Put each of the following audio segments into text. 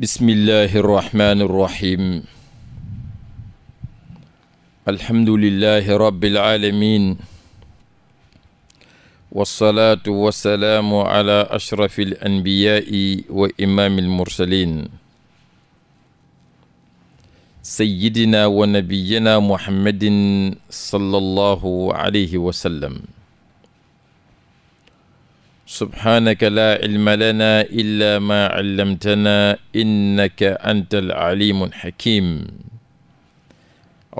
bismillahi irrahmani irrahim alhamdulilahi rabiilalamin walsalaatu wassalaamu ala ashrafi alanbiyaai wa imaami almursalin sayidina wa nabiyina muhammadin sallallahu alayhi wa sallam subhaanaka laa ilma lanaa illaa maa allamtanaa innaka anta al-aliimu al-hakiim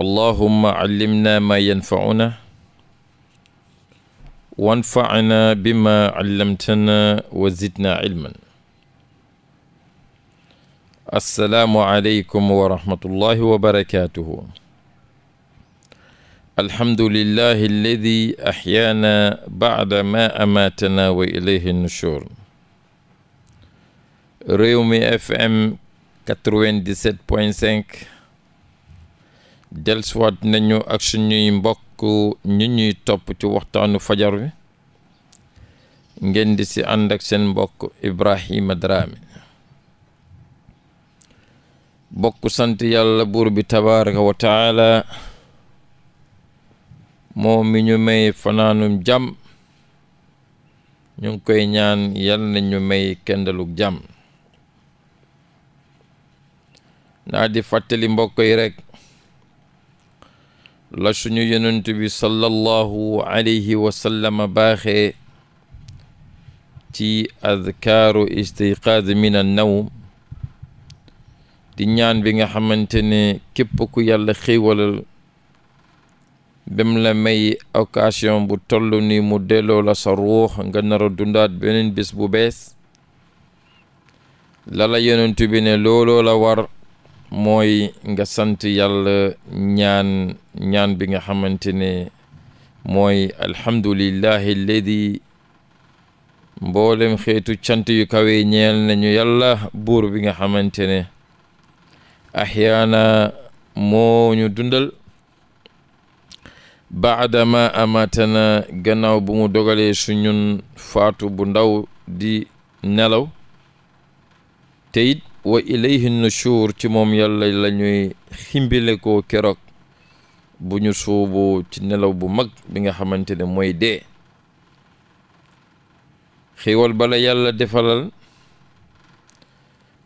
allahumma allimnaa maa yanfa'unaa wanfa'naa bimaa allamtanaa wa zidnaa ilman assalaamu aleykum wa rahmatullaahi wa barakaatuhu alhamdulillahi alladi axyaana baada ma amaatana wa ilayhi nushur réew mi fm 97 point 5 delswaat nañu ak suñuy mbokk ñu ñuy topp ci waxtaanu fajar wi ngeen di si ànd ak seen mbokk Ibrahima Drame bokk sant yàlla buur tabaraka wa moom mi ñu may fanaanum jàmm ñu koy ñaan yal na ñu may kendaluk jàmm naa di fàttali mbokk yi rekk la suñu yonent bi sallallahu alayhi wa sallam ci adkaaru istiqaad min an nawm di ñaan bi nga xamante ne képp ku yàlla xéewalal bam la may occasion bu toll ni mu delloo la sa ruux nga nar dundaat beneen bis bu bees lala yonent bi ne looloo la war mooy nga sant yàlla ñaan ñaan bi nga xamante ne mooy alhamdulillahi alladi mboolem xeetu cant yu kawe ñeel nañu yàlla buur bi nga xamante ne ahyaana moo dundal baadama amatana gannaaw bu mu dogalee su ñun faatu bu ndaw di nelaw te it wa ilayhi nushur ci moom yàlla lañuy ñuy ximbile ko keroog bu ñu suubu ci nelaw bu mag bi nga xamante ne mooy dee xéwal bala yàlla defalal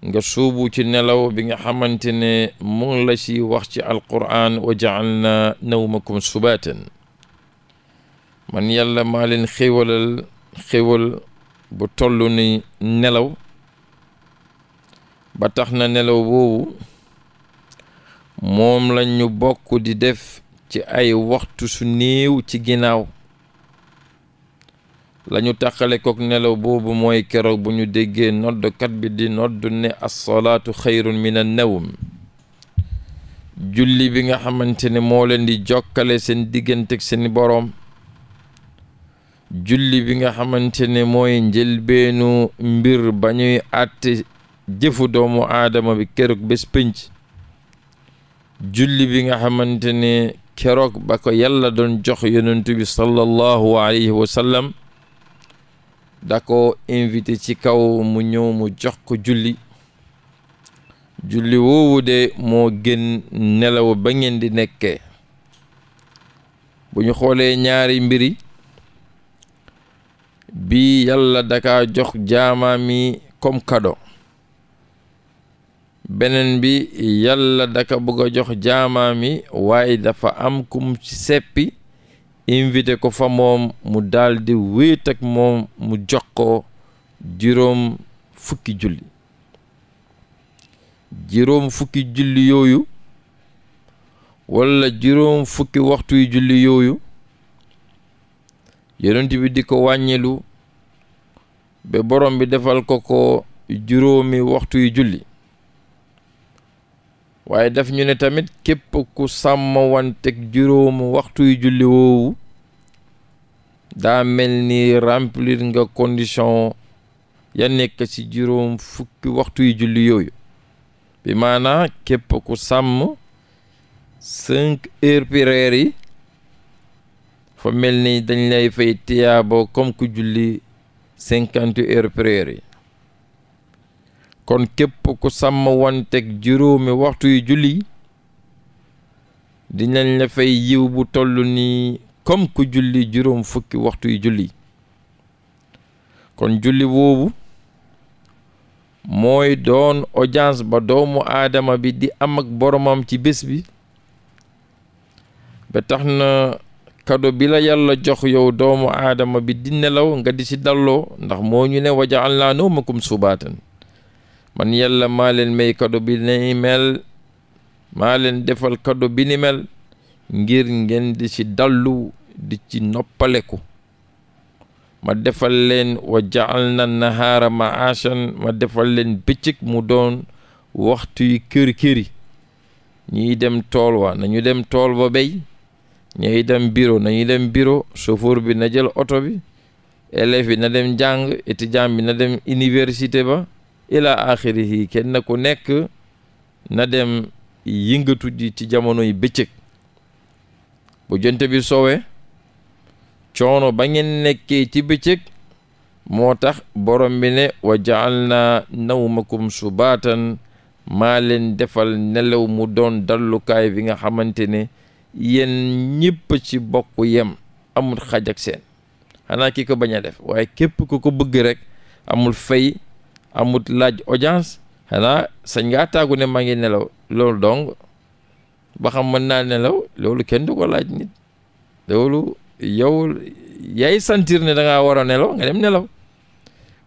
nga suubu ci nelaw bi nga xamante ne mu la ci wax ci alquran wa jaalna nawmakum subaatan man yàlla maa leen xéwalal xéwal bu toll ni nelaw ba tax na nelaw boobu moom la ñu bokk di def ci ay waxtu su néew ci ginnaaw lañu takkale tàqale kook nelaw boobu mooy keroog bu ñu déggee noddkat bi di nodd ne assalaatu xayrun min an nawm julli bi nga xamante ne moo leen di jokkale seen digganteeg seen boroom julli bi nga xamante ne mooy njëlbeenu mbir ba ñuy àtte jëfu doomu aadama bi keroog bés pénc julli bi nga xamante ne keroog ba ko yàlla doon jox yonentu bi sallallahu alayhi wa da ko invité ci kaw mu ñëw mu jox ko julli julli woowu de moo gën nelaw ba ngeen di nekkee bu ñu xoolee ñaari mbiri bi yàlla daka jox jaama comme cadeau beneen bi yàlla daka bëgg a jox jaama mi waaye dafa am kum ci seppi invité ko fa moom mu daldi di wéet ak moom mu jox ko juróom fukki julli juróom fukki julli yooyu walla juróom fukki waxtu julli yooyu yonent bi di ko wàññilu ba borom bi defal ko ko juróomi waxtu yu julli waaye daf ñu ne tamit képp ku sàmm wanteg juróom waxtu yu julli woowu daa mel ni remplir nga condition ya nekk ci juróom fukki waxtu yu julli yooyu bi maanaa képp ku sàmm cinq heures yi fa mel ni dañ lay fay tiyaaboo comme ku julli cinquante yi kon képp ku sàmm wanteeg juróomi waxtu yu julli dinañ la fay yiw bu toll nii comme ku julli juróom fukki waxtu yu julli kon julli boobu mooy doon audience ba doomu aadama bi di am ak boroomam ci bés bi ba tax na kado bi la yàlla jox yow doomu aadama bi di nelaw nga di ci dalloo ndax moo ñu ne laa waja'alnaa nawmakum subaatan man yàlla maa leen may kado bi ni mel leen defal kado bi ni mel ngir ngeen di ci dallu di ci noppaleku ma defal leen wa ja'alna na ma'ashan ma ma defal leen bëccëg mu doon waxtu yi kër këri ñiy dem tool wa nañu dem tool ba béy ñuy dem bureau nañu dem biro chauffeur bi na jël oto bi élève na dem jàng étudiant bi na dem université ba ila axirihi kenn ko nekk na dem yëngatu ji ci jamono yi bëccëg bu jant bi soowee coono ba ngeen nekkee ci bëccëg moo tax borom bi ne wa jaalna nawmakum subaatan maa leen defal nelaw mu doon dallukaay bi nga xamante ne yéen ñëpp ci bokk yem amul xaj seen xanaa ki ko bañ def waaye képp ko ko bëgg rek amul fay amut laaj audience xanaa sañ ngaa tàggu ne maa ngi nelaw loolu dong ba xam mën naa nelaw loolu kenn du ko laaj nit loolu yow yaay sentir ne danga ngaa war a nelaw nga dem nelaw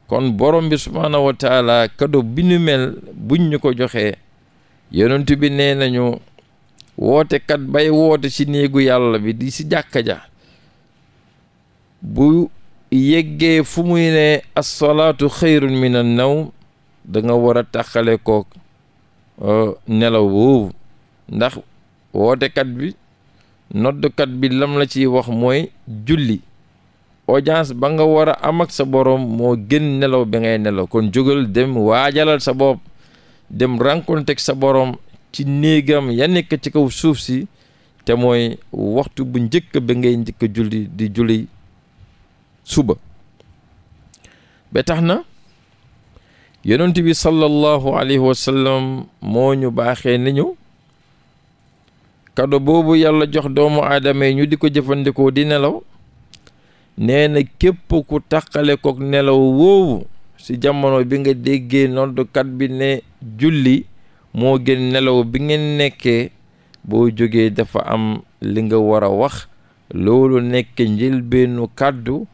kon borom bi subhaanahu wa kado bi nu mel buñ ñu ko joxee yonent bi nee nañu woote kat bay woote ci néegu yàlla bi di ci jàkka ja bu yeggee fu muy ne asalaatu xayrun min an nawm da nga war a tàqale ko euh, nelaw boobu ndax wootekat bi noddkat bi lam la ciy wax mooy julli audience ba nga war a am ak sa boroom moo gën nelaw bi ngay nelaw kon jógal dem waajalal sa bopp dem rencontre ak sa boroom ci néegam ya ci kaw suuf si te mooy waxtu bu njëkk bi ngay njëkk julli di julli suba ba tax na yonent bi sallallahu alayhi wa moo ñu baaxe nañu kado boobu yàlla jox doomu aadama yi ñu di ko jëfandikoo di nelaw nee na képp ku taqale kook nelaw woowu ci jamono bi nga déggee noddukat bi ne julli moo gën nelaw bi ngeen nekkee boo jógee dafa am li nga war a wax loolu nekk njëlbeenu kàddu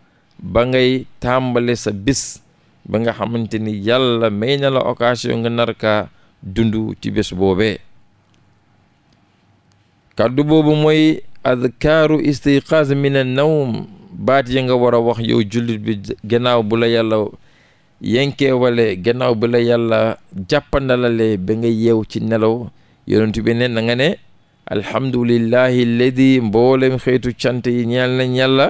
ba ngay tàmbale sa bis ba nga xamante ni yàlla may na la occasion nga nar kaa dund ci bés boobee kàddu boobu mooy adkaaru istiqaaz min an naw baat yi nga war a wax yow jullit bi gannaaw bu la yàlla yenkee wale gannaaw bu la yàlla jàppandalalee ba nga yeew ci nelaw yonent bi ne na nga ne alhamdulillahi alladi mboolem xeetu cant yi ñeel nañ yàlla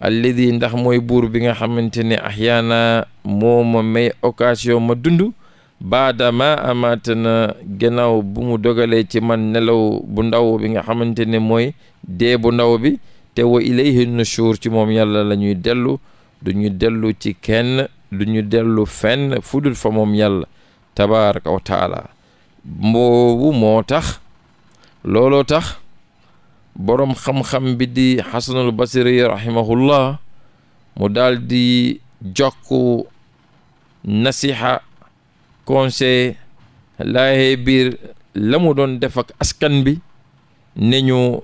alladi ndax mooy buur bi nga xamante ne ahyaana moo ma may occasion ma dund baadama amaata na gannaaw bu mu dogalee ci man nelaw bu ndaw bi nga xamante ne mooy dee bu ndaw bi te wa ilayhi nushur ci moom yàlla la ñuy dellu du ñu dellu ci kenn du ñu dellu fenn fu dul fa moom yàlla tabaraka wa taala mboobu moo tax looloo tax boroom xam-xam bi di xasanul basiri rahimahullah mu daldi di jokk nasiha conseil laaye biir la mu doon def ak askan bi ne ñu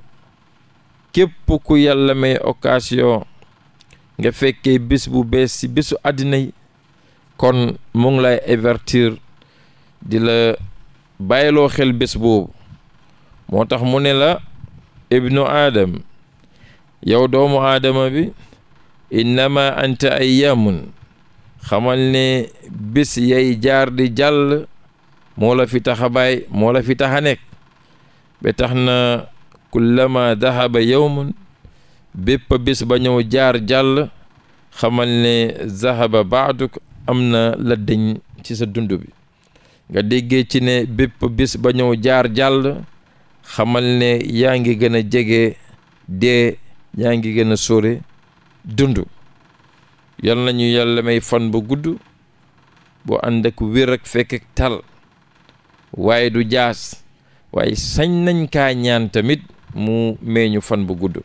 képp ku yàlla may okasiyon nga fekkee bis bu bees ci bésu àddina yi kon mu ngi lay avertir di la bàyyiloo xel bés boobu moo tax mu ne la ibnu aadam yow doomu aadama bi innama anta ayyamun xamal ne bis yay jaar di jàll moola fi tax a fi tax a nekk tax na kullama dahaba yowmun bépp bis ba ñëw jaar jàll xamal ne zahaba baaduk am na la ci sa dund bi nga déggee ci ne bépp bis ba ñëw jaar jàll xamal ne yaa ngi gën a jege dee yaa ngi gën a sóore dund yal nañu yàlla may fan bu gudd bu ànd ak wér ak fekk ak tal waaye du jaas waaye sañ nañ kaa ñaan tamit mu meeñu fan bu gudd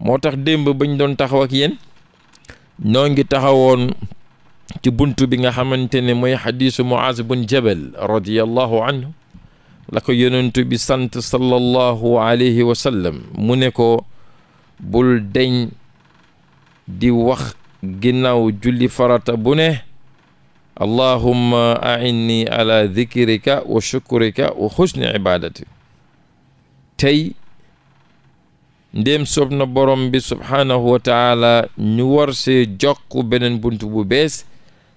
moo tax démb bañ doon taxaw ak yéen noo ngi taxawoon ci bunt bi nga xamante ne mooy xadiisu Muaz bun Jabal radiyallahu anhu la ko yonent bi sant sallallahu alayhi wa mu ne ko bul deñ di wax ginnaaw julli farata bu ne allahumma ainni ala dikrika wa shukrika wa xusni ibadati tey ndéem soob na borom bi subhaanahu wa taala ñu war see jokk beneen bunt bu bees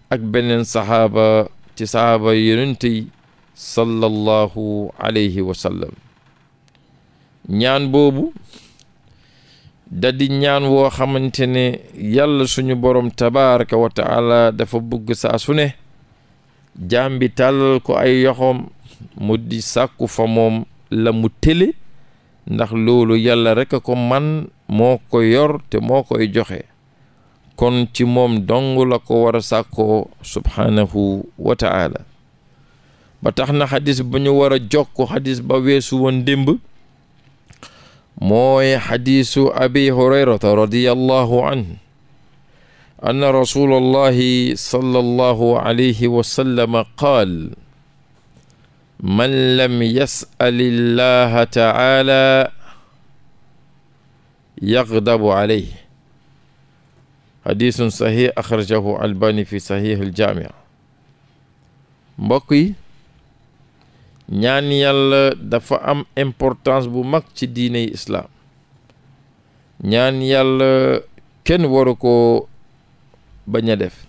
ak beneen saxaaba ci saxaaba yonent yi sallallahu alayhi wa sallam ñaan boobu dadi ñaan woo xamante ne yàlla suñu borom tabaraka wa taala dafa bëgg saa su ne bi tàllal ko ay yoxoom mu di sàkku fa moom la mu tële ndax loolu yàlla rekk a ko man moo ko yor te moo koy joxe kon ci moom dong la ko war a sàkkoo subhaanahu wa taala ba tax na xadis bu ñu war a jokk xadis ba weesu woon démb mooy xadisu abi hurayrata radiallahu anhu anna rasulallahi sallallahu alayhi wa sallam qaal man lam yas'al illaha taala yagdabu alayhi xadisun saxiix axrajahu albani fi saxiix aljaamic mbokk yi ñaan yàlla dafa am importance bu mag ci diine islaam ñaan yàlla kenn waru koo baña def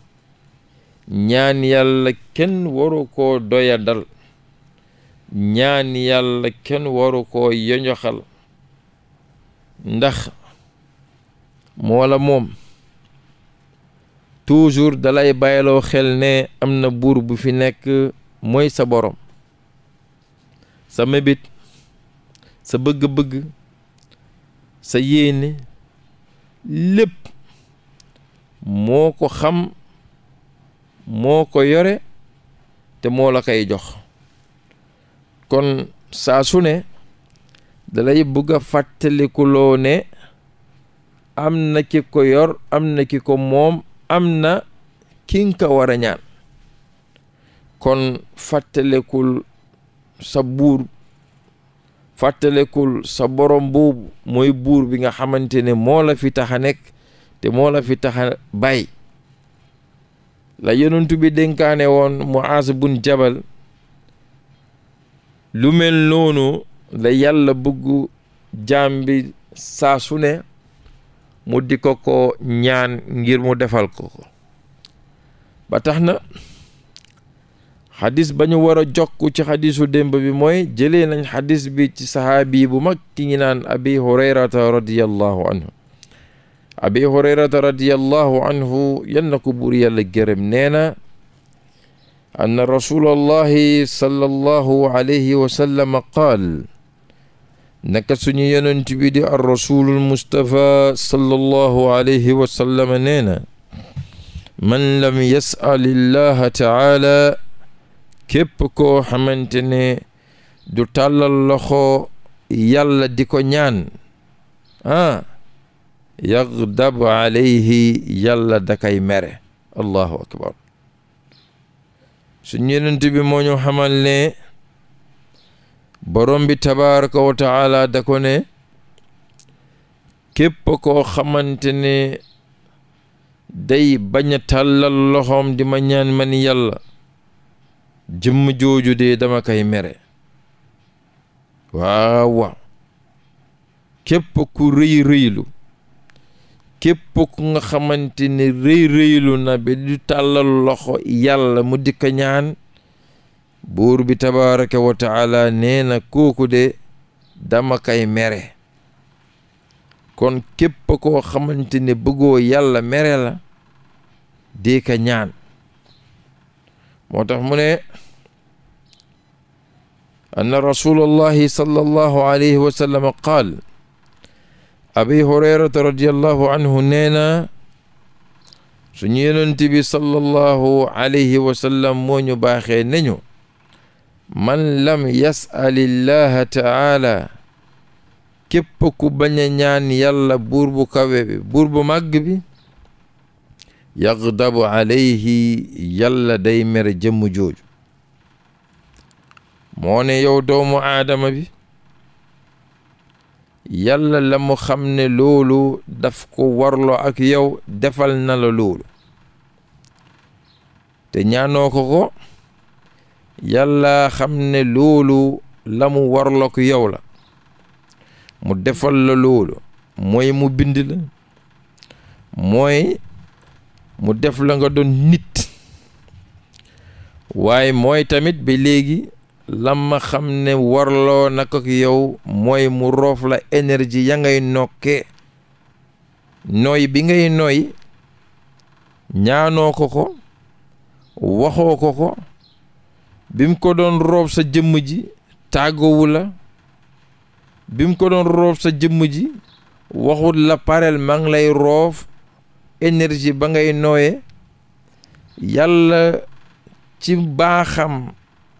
ñaan yàlla kenn waru koo doyadal dal ñaan yàlla kenn waru koo yoñoxal ndax moo la moom toujours dalay bàyyiloo xel ne am na buur bu fi nekk mooy sa boroom sa mébét sa bëgg-bëgg sa yéene lépp moo ko xam moo ko yore te moo la koy jox kon saa su ne dalay bëgga a fàttalikuloo ne am na ki ko yor am na ki ko moom am na ki nga ko war a ñaan kon fàttalikul sa buur fàttalekul sa borom boobu mooy buur bi nga xamante ne moo fi tax nekk te moo la fi taxa bay la yonent bi dénkaane woon Muaaz bun Jabal lu mel noonu la yàlla bëgg jaam bi saa su ne mu di ko ko ñaan ngir mu defal ko ba tax na xadis ba ñu war a jokk ci xadisu démb bi mooy jëlee nañ xadis bi ci sahaabi bu mag ki ngi naan abi hurayrata radiallahu anhu abi hurayrata radiallahu anhu yan na ko buur yàlla gërëm nee na anna rasulallahi sallallahu alayhi wa sallam suñu yonent bi di ar na man lam yas'al illaha taala képp koo xamante ne du tàllal loxo yàlla di ko ñaan ah yagdab alayhi yàlla dakay mere allahu akbar suñu yenent bi moo ñu xamal ne borom bi tabaraka wa taala da ko ne képp koo xamante ne day bañ a tàllal loxoom di ma ñaan man yàlla jëmm jooju de dama koy mere waaw waaw ku rëy rëylu ku nga xamante ne rëy na ba du tàllal loxo yàlla mu di ñaan buur bi tabaaraka wa taala nee na kooku de dama koy mere kon képp koo xamante ne yàlla mere la dee ka ñaan moo tax mu ne anna rasulullahi sallallahu alayhi wa sallam qaal abi hurayrata radiallahu anhu nee na suñu yonent bi sallallahu alayhi wa sallam moo ñu baaxee nañu man lam yasalillaha taala képp ku bañ a ñaan yàlla buur bu kawe bi buur bu màgg bi yagdabu alayhi yàlla day mere jëmm jooju moo ne yow doomu aadama bi yàlla la mu xam ne loolu daf ko warloo ak yow defal na la loolu te ñaanoo ko ko yàlla xam ne loolu la mu warloo ak yow la mu defal la loolu mooy mu bind la mooy mu def la nga doon nit waaye mooy tamit bi léegi lam ma xam ne warloo na ko yow mooy mu roof la énergie ya ngay nokke nooy bi ngay nooy ñaanoo ko ko waxoo ko ko bi mu ko doon roof sa jëmm ji tàggowu la bi mu ko doon roof sa jëmm ji waxut la pareel ma ngi lay roof énergie ba ngay nooyee yàlla ci baaxam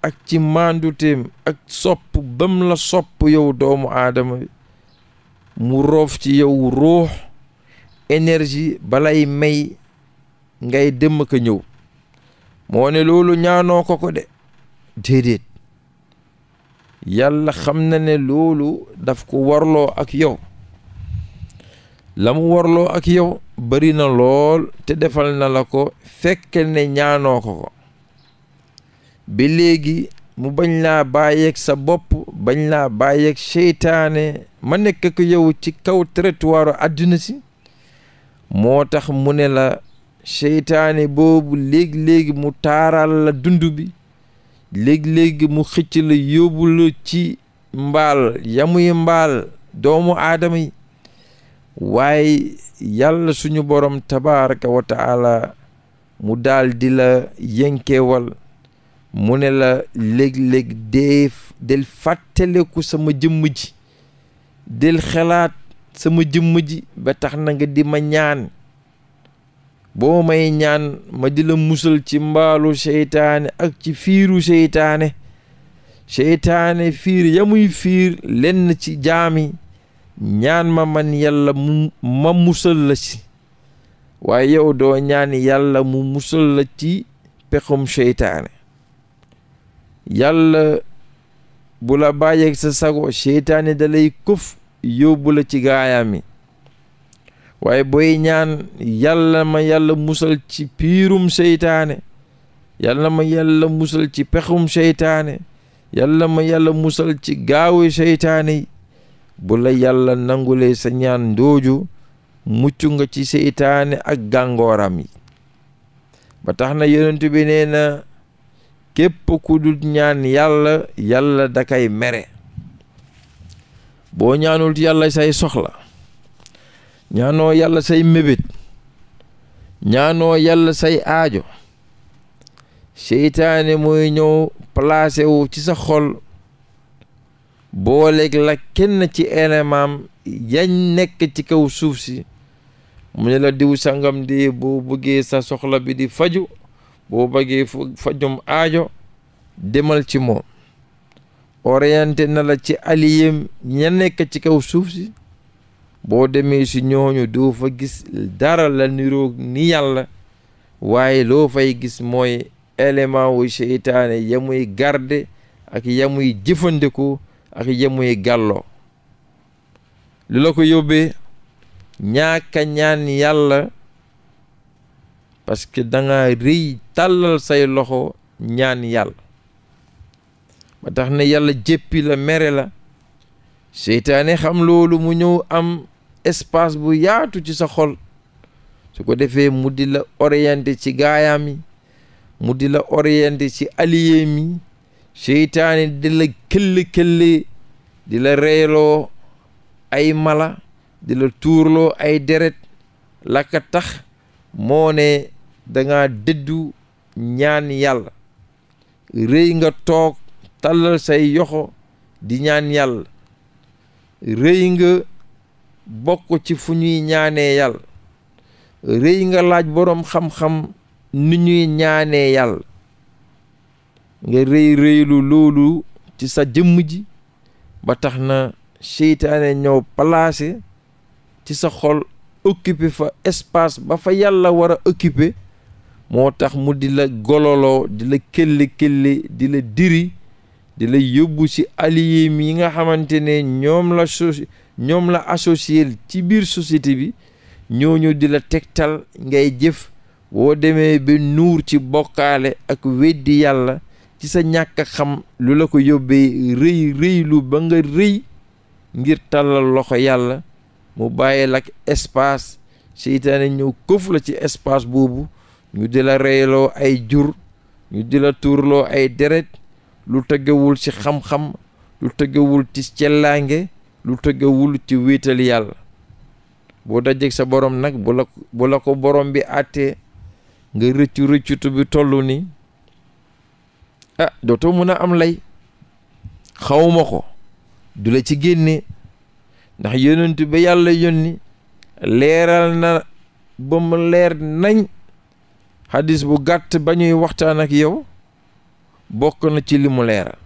ak ci maanduteem ak sopp bam la sopp yow doomu aadama bi mu roof ci yow ruux énergie balay may ngay dem ko ñëw moo ne loolu ñaanoo ko ko de déedéet yàlla xam na ne loolu daf ko warloo ak yow la mu warloo ak yow bari na lool te defal na la ko fekk ne ñaanoo ko ko léegi mu bañ laa bàyyeeg sa bopp bañ laa bàyyeeg seytaane ma nekk ko yow ci kaw trottoiru àdduna si moo tax mu ne la seytaane boobu léegi-léegi mu taaral la dund bi léegi-léegi mu xicc la yóbbu ci mbaal yamuy mbaal doomu aadama waaye yàlla suñu borom tabaraka wa mu daal di la yënkeewal mu ne la léeg-léeg dee del fàttaleku sama jëmm ji del xalaat sama jëmm ba tax na nga di ma ñaan boo may ñaan ma di la musal ci mbaalu seytaane ak ci fiiru seytaane seytaane fiir yamuy muy fiir lenn ci jaami ñaan ma man yàlla mu ma musal la ci waaye yow doo ñaan yàlla mu musal la ci pexum seytaane yàlla bula la bàyyeeg sa sago seytaane dalay lay këf yóbbu ci gaayaam yi waaye boy ñaan yàlla ma yàlla musal ci piirum seytaane yàlla ma yàlla musal ci pexum seytaane yàlla ma yàlla musal ci gaawu seytaane bu la yàlla nangulee sa ñaan ndooju mucc nga ci seytaane ak gàngooram yi ba tax na yonent bi nee na képp ku ñaan yàlla yàlla dakay mere boo ñaanul yàlla say soxla ñaanoo yàlla say mébét ñaanoo yàlla say aajo seytaane mooy ñëw placé ci sa xol booleeg la kenn ci élément yañ nekk ci kaw suuf si mu ne la diw sangam di boo bëggee sa soxla bi di faju boo bëggee fu fajum aajo demal ci moom orienté na la ci aliyem ña nekk ci kaw suuf si boo demee si ñooñu doo fa gis dara la niroog ni yàlla waaye loo fay gis mooy élément wu seytaane yamuy garde ak yamuy jëfandikoo ak yemuy gàlloo lu la ko yóbbee ñaaka ñaan yàlla parce que danga rëy tàllal say loxo ñaan yàlla ba tax ne yàlla jéppi la mere la seytaane xam loolu mu ñëw am espace bu yaatu ci sa xol su ko defee mu di la orienté ci gaayaam yi mu di la orienté ci allié mi seytaane di la këlli-këlli di la reyloo ay mala di la tuurloo ay deret la ka tax moo ne dangaa dëddu ñaan yàlla rëy nga toog tàllal say yoxo di ñaan yàlla rëy nga bokk ci fu ñuy ñaanee yàlla rëy nga laaj boroom xam-xam ni ñuy ñaanee yàlla nga rëy rëylu loolu ci sa jëmm ji ba tax na seytaane ñëw placé ci sa xol occupé fa espace ba fa yàlla war a occupé moo tax mu di la gololoo di la këlle-këlle di la diri di la yóbbu ci alliés yi nga xamante ne ñoom la so ñoom la associé ci biir société bi ñooñu di la tegtal ngay jëf boo demee bi nuur ci bokkaale ak weddi yàlla ci sa ñàkk xam lu la ko yóbbee rëy rëy ba nga rëy ngir tàllal loxo yàlla mu bàyyi la ak espace seytaane ñëw këf la ci espace boobu ñu di la reyloo ay jur ñu di la tuurloo ay deret lu tëggawul ci xam-xam lu tëggawul ci cellaange lu tëggawul ci wéetal yàlla boo dajeg sa boroom nag bu la bu la ko borom bi àttee nga rëccu rëccutu bi toll ni ah dootoo mun a am lay xawma ko du la ci génne ndax yonentu ba yàlla yónni leeral na ba mu leer nañ xadis bu gàtt ba ñuy waxtaan ak yow bokk na ci li mu leeral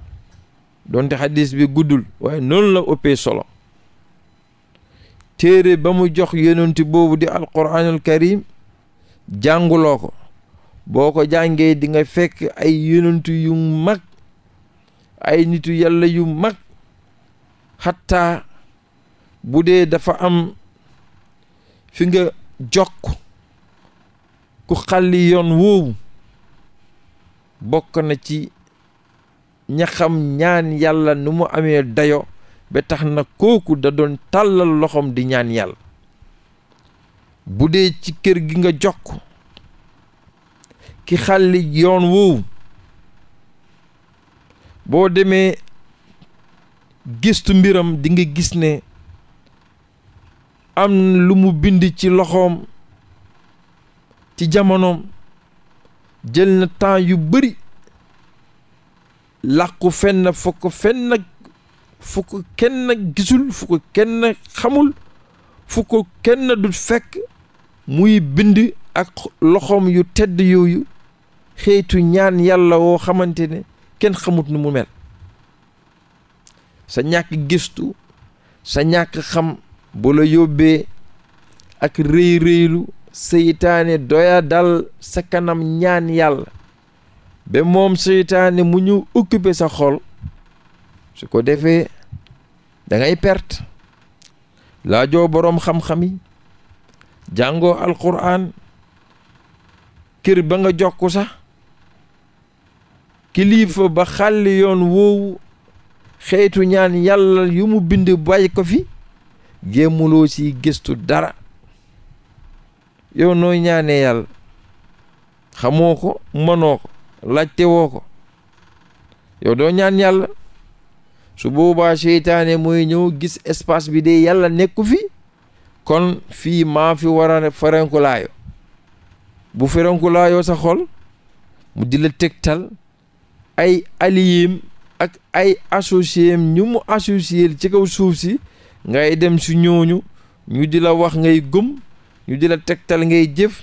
donte xadis bi guddul waaye noonu la ëppee solo téere ba mu jox yonentu boobu di alquraanul karim jànguloo ko boo ko jàngee dinga fekk ay yonentu yu mag ay nitu yàlla yu mag xatta bu dee dafa am fi nga jokk ku xalli yoon woowu bokk na ci ñaxam ñaan yàlla nu mu amee dayo ba tax na kooku da doon tàllal loxoom di ñaan yàlla bu dee ci kër gi nga jokk ki xalli yoon woowu boo demee gistu mbiram di nga gis ne am lu mu bind ci loxoom ci jamonoom jël na temps yu bari làqu fenn fu ko fenn fu ko kenn gisul fu ko kenn xamul fu ko kenn du fekk muy bind ak loxoom yu tedd yooyu xeetu ñaan yàlla woo xamante ne kenn xamut nu mu mel sa ñàkk gistu sa ñàkk xam bu la yóbbee ak rëy rëylu seytaane doya dal sa kanam ñaan yàlla ba moom seytaane mu ñu occupé sa xol su ko defee dangay ngay perte laajoo boroom xam-xam yi jàngoo alquran kër ba nga jokku sax kilifa ba xàll yoon woowu xeetu ñaan yàlla yu mu bind bàyyi ko fi gémmuloo ci gëstu dara yow nooy ñaanee yàlla xamoo ko mënoo ko laajte ko yow doo ñaan yàlla su boobaa seytaane mooy ñëw gis espaas bi de yàlla nekku fi kon fii maa fi wara a ferenkulaayoo bu ferenkulaayoo sa xol mu di la tegtal ay aliyim ak ay associé ñu mu associé ci kaw suuf si ngay dem si ñooñu ñu di la wax ngay gum ñu di la tegtal ngay jëf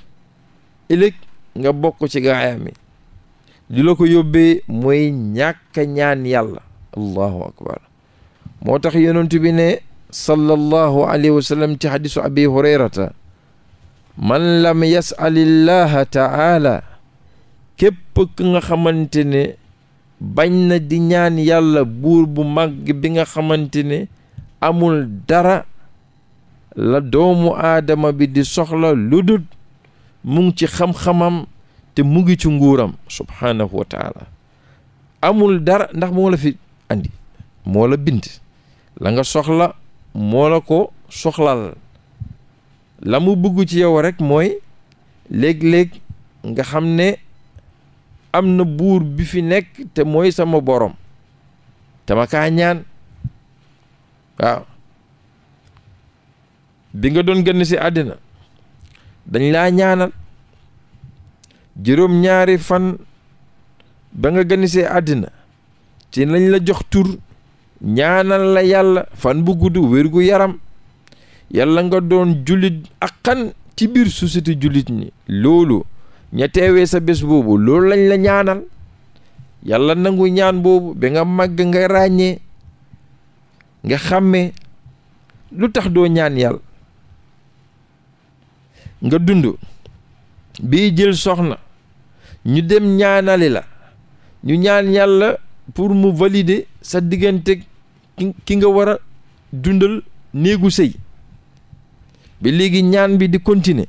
ëllëg nga bokk ci gaayam yi ko yóbbee mooy ñàkk ñaan yàlla allahu akbar moo tax yonent bi sallallahu abi hurayrata man lam yas'alillaha ta'ala képp ku nga xamante ne bañ na di ñaan yàlla buur bu màgg bi nga xamante ne amul dara la doomu aadama bi di soxla lu dul mu ci xam-xamam te mu ngi ci nguuram subhaanahu wa amul dara ndax moo la fi andi moo la bind la nga soxla moo la ko soxlal la mu bëgg ci yow rekk mooy léeg-léeg nga xam ne am na buur bi fi nekk te mooy sama borom dama kaa ñaan waaw bi nga doon gën si àddina dañ laa ñaanal juróom-ñaari fan ba nga gën ci àddina ci lañ la jox tur ñaanal la yàlla fan bu gudd wér gu yaram yàlla nga doon jullit akkan ci biir société jullit ñi loolu ña teewee sa bés boobu loolu lañ la ñaanal yàlla nangu ñaan boobu bi nga màgg nga ràññee nga xàmmee lu tax doo ñaan yàlla nga dund bii jël soxna ñu dem ñaanali la ñu ñaan yàlla pour mu valider sa diggante ki nga war a dundal néegu sëy bi léegi ñaan bi di continuer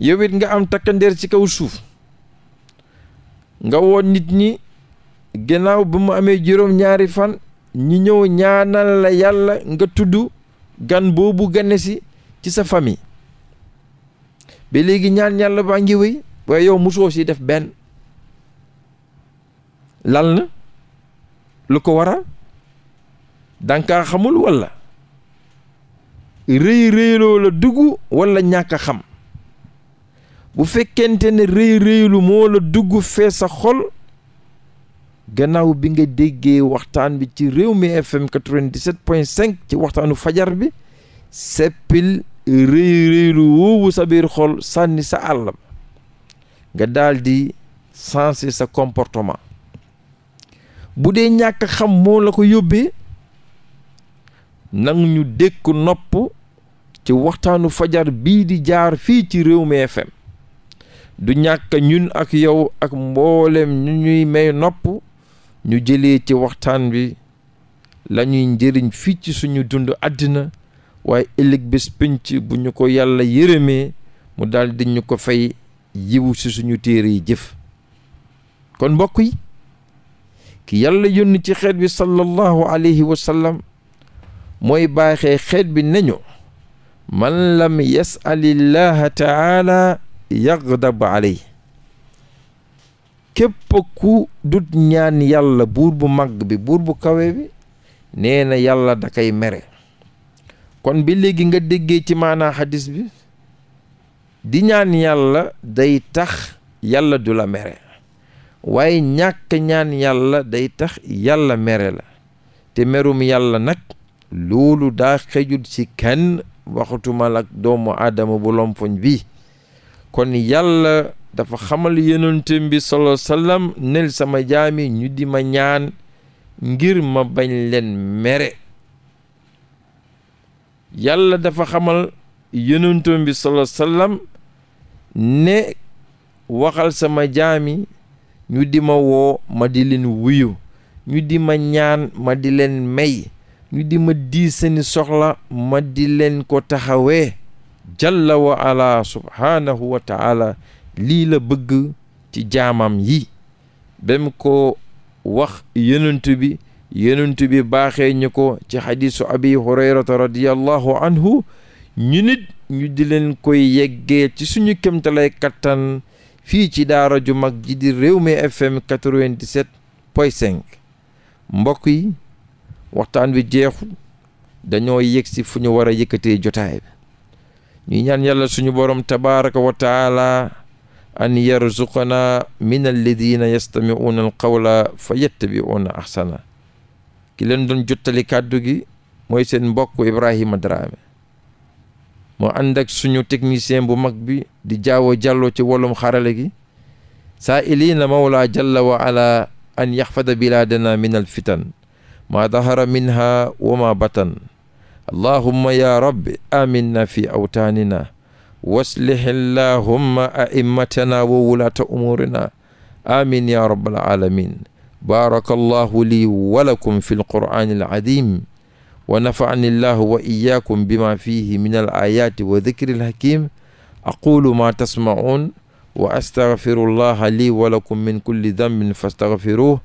yow it nga am takkandeer ci kaw suuf nga woon nit ñi gannaaw ba mu amee juróom-ñaari fan ñi ñëw ñaanal la yàlla nga tudd gan boobu gane si ci sa famille bi léegi ñaan yàlla baa ngi wéy waaye yow mosoo si def benn lal na lu ko waral danga xamul walla rëy rëyloo la dugg walla ñàkk xam bu fekkente ne rëy moo la dugg fee sa xol gannaaw bi nga déggee waxtaan bi ci réew mi FM 97.5 ci waxtaanu fajar bi seppil rëy woowu sa biir xol sànni sa àll ba nga daldi di sensé sa comportement bu dee ñàkk xam moo la ko yóbbee nang ñu dékk nopp ci waxtaanu fajar bii di jaar fii ci réew mi FM du ñàkk ñun ak yow ak mboolem ñu ñuy may nopp ñu jële ci waxtaan bi lañuy njëriñ fii ci suñu dund àddina waaye ëllëg bés pénc bu ñu ko yàlla yërëmee mu daldi ñu ko fay yiwu ci suñu téere yi jëf kon mbokk yi ki yàlla yónni ci xeet bi sallallahu alayhi mooy baaxee xeet bi nañu man lam yasalillaha taala yagdabu aley képp ku dut ñaan yàlla buur bu màgg bi buur bu kawe bi nee na yàlla da kay mere kon bi léegi nga déggee ci maanaa xadis bi di ñaan yàlla day tax yàlla du la mere waaye ñàkk ñaan yàlla day tax yàlla mere la te merum yàlla nag loolu daa xejul ci kenn waxatuma lak doomu aadama bu lompoñ bi kon yàlla dafa xamal yonentam bi sallallahu sama jaami ñu di ma ñaan ngir ma bañ leen mere yàlla dafa xamal yonentam bi sallam ne waxal sama jaami ñu di ma woo ma di leen wuyu ñu di ma ñaan ma di leen may ñu di ma di seeni soxla ma di leen ko taxawee jalla wa ala subhaanahu wa taala lii la bëgg ci jaamam yi ba ko wax yonent bi yonent bi baaxee ñu ko ci xadiisu abi hurayrata radiyallahu anhu ñu nit ñu di leen koy yeggee ci suñu kemtalay kattan fii ci daara ju mag ji di Rewmi FM 97 point 5 mbokk yi waxtaan bi jeexu dañoo yegg ci fu ñu war a yëkkatee jotaay ñuy ñaan yàlla suñu borom tabaraka wa taala an yarzuqana min alladina yastami'una alqawla fa yattabi'una ahsana ki leen doon jottali kàddu gi mooy seen mbokku Ibrahima Dramé moo ànd suñu technicien bu mag bi di jaawo jàlloo ci wàllum xarale gi saa ilina mawla jalla wa ala an yaxfada bilaadana min alfitan maa dahara minha wa ma batan allahumma ya rabbi aminna fi awtanina waslih allahumma a'immatana wa wulata umurina amin ya rabbal alamin baraka allahu li wa lakum fi alqur'ani alazim wa nafa'ani allahu wa iyyakum bima fihi min alayati wa dhikri alhakim aqulu ma tasma'un wa astaghfiru allaha li wa lakum min kulli dhanbin fastaghfiruhu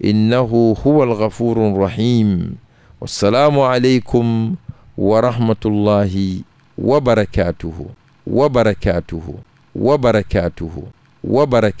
innahu huwa alghafuru rahim wassalaamu aleykum wa rahmatullahi wa barakaatuhu wa barakaatuhu wa barakaatuhu wa barakaatuhu